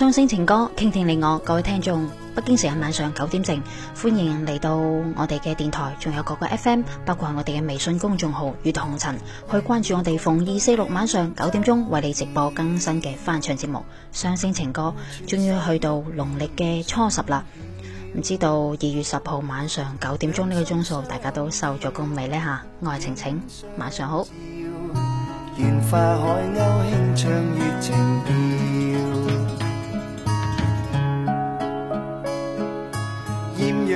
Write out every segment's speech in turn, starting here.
雙星情歌傾聽你我，各位聽眾，北京時間晚上九點正，歡迎嚟到我哋嘅電台，仲有各個 FM，包括我哋嘅微信公眾號月紅塵，去關注我哋逢二四六晚上九點鐘為你直播更新嘅翻唱節目《雙星情歌》。終於去到農曆嘅初十啦，唔知道二月十號晚上九點鐘呢個鐘數，大家都收咗工未呢？吓，愛晴晴，晚上好。原發海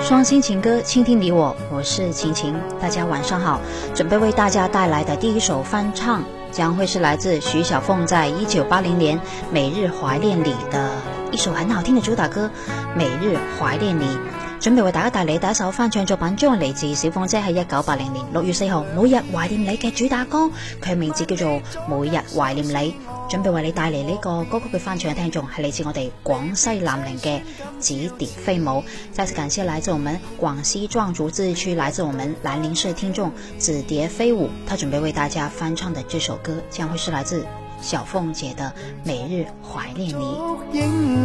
雙星情歌，傾聽你我，我是晴晴，大家晚上好。準備為大家帶來的第一首翻唱，將會是來自徐小鳳在一九八零年《每日懷念你》的一首很好聽的主打歌《每日懷念你》。準備為大家帶來第一首翻唱作品，將會嚟自小鳳姐喺一九八零年六月四號每日懷念你嘅主打歌，佢名字叫做《每日懷念你》。準備為你帶嚟呢個歌曲嘅翻唱嘅聽眾，係嚟自我哋廣西南寧嘅紫蝶飛舞。再次感謝來自我們廣西壯族自治區來自我們南寧市聽眾紫蝶飛舞，他準備為大家翻唱的這首歌，將會是來自小鳳姐的《每日懷念你》。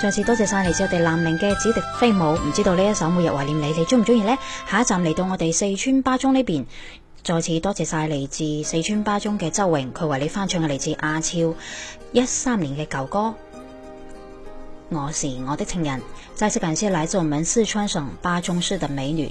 再次多謝晒嚟自我哋南寧嘅《紫蝶飛舞》，唔知道呢一首《每日懷念你》，你中唔中意呢？下一站嚟到我哋四川巴中呢邊，再次多謝晒嚟自，自四川巴中嘅周榮，佢為你翻唱嘅嚟自阿超一三年嘅舊歌《我是我的情人》。再次感謝，來自我哋四川省巴中市的美女。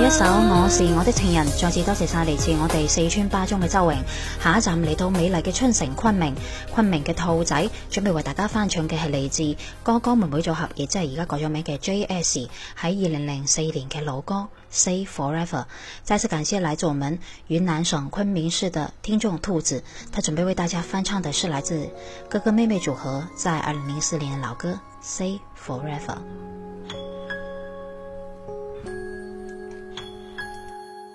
一首我是我的情人，再次多謝晒嚟自我哋四川巴中嘅周榮。下一站嚟到美麗嘅春城昆明，昆明嘅兔仔準備為大家翻唱嘅係嚟自哥哥妹妹組合，亦即係而家改咗名嘅 JS 喺二零零四年嘅老歌《Say Forever》。再次感謝來自我們雲南省昆明市嘅聽眾兔子，他準備為大家翻唱的是來自哥哥妹妹組合在二零零四年嘅老歌《Say Forever》。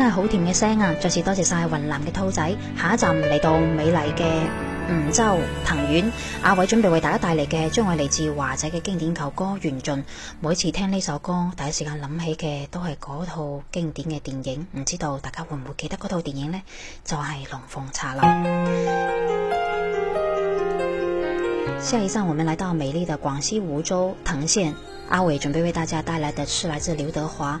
真係好甜嘅聲啊！再次多謝晒雲南嘅兔仔，下一站嚟到美麗嘅梧州藤縣。阿偉準備為大家帶嚟嘅，將會嚟自華仔嘅經典舊歌《緣盡》。每次聽呢首歌，第一時間諗起嘅都係嗰套經典嘅電影。唔知道大家會唔會記得嗰套電影呢？就係、是《龍鳳茶樓》。下一站，我們來到美麗的廣西梧州藤縣。阿偉準備為大家帶來的是來自劉德華。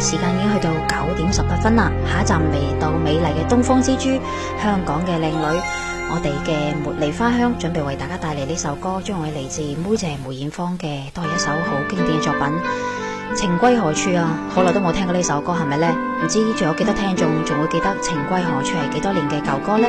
時間已經去到九點十八分啦，下一站未到美麗嘅東方之珠，香港嘅靚女，我哋嘅茉莉花香準備為大家帶嚟呢首歌，將會嚟自梅姐梅艷芳嘅，都係一首好經典嘅作品。情歸何處啊？好耐都冇聽過呢首歌，係咪呢？唔知仲有幾多聽眾仲會記得情歸何處係幾多年嘅舊歌呢？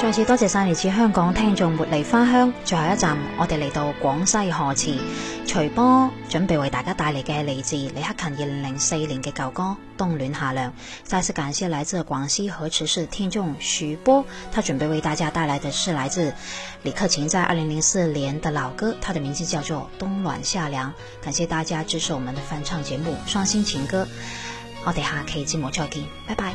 再次多謝晒嚟自香港聽眾茉莉花香，最後一站我哋嚟到廣西河池，徐波準備為大家帶嚟嘅嚟自李克勤二零零四年嘅舊歌《冬暖夏涼》。再次感謝來自廣西河池市聽眾徐波，他準備為大家帶來嘅係來自李克勤在二零零四年嘅老歌，他的名字叫做《冬暖夏涼》。感謝大家支持我們的翻唱節目《雙星情歌》，我哋下期節目再見，拜拜。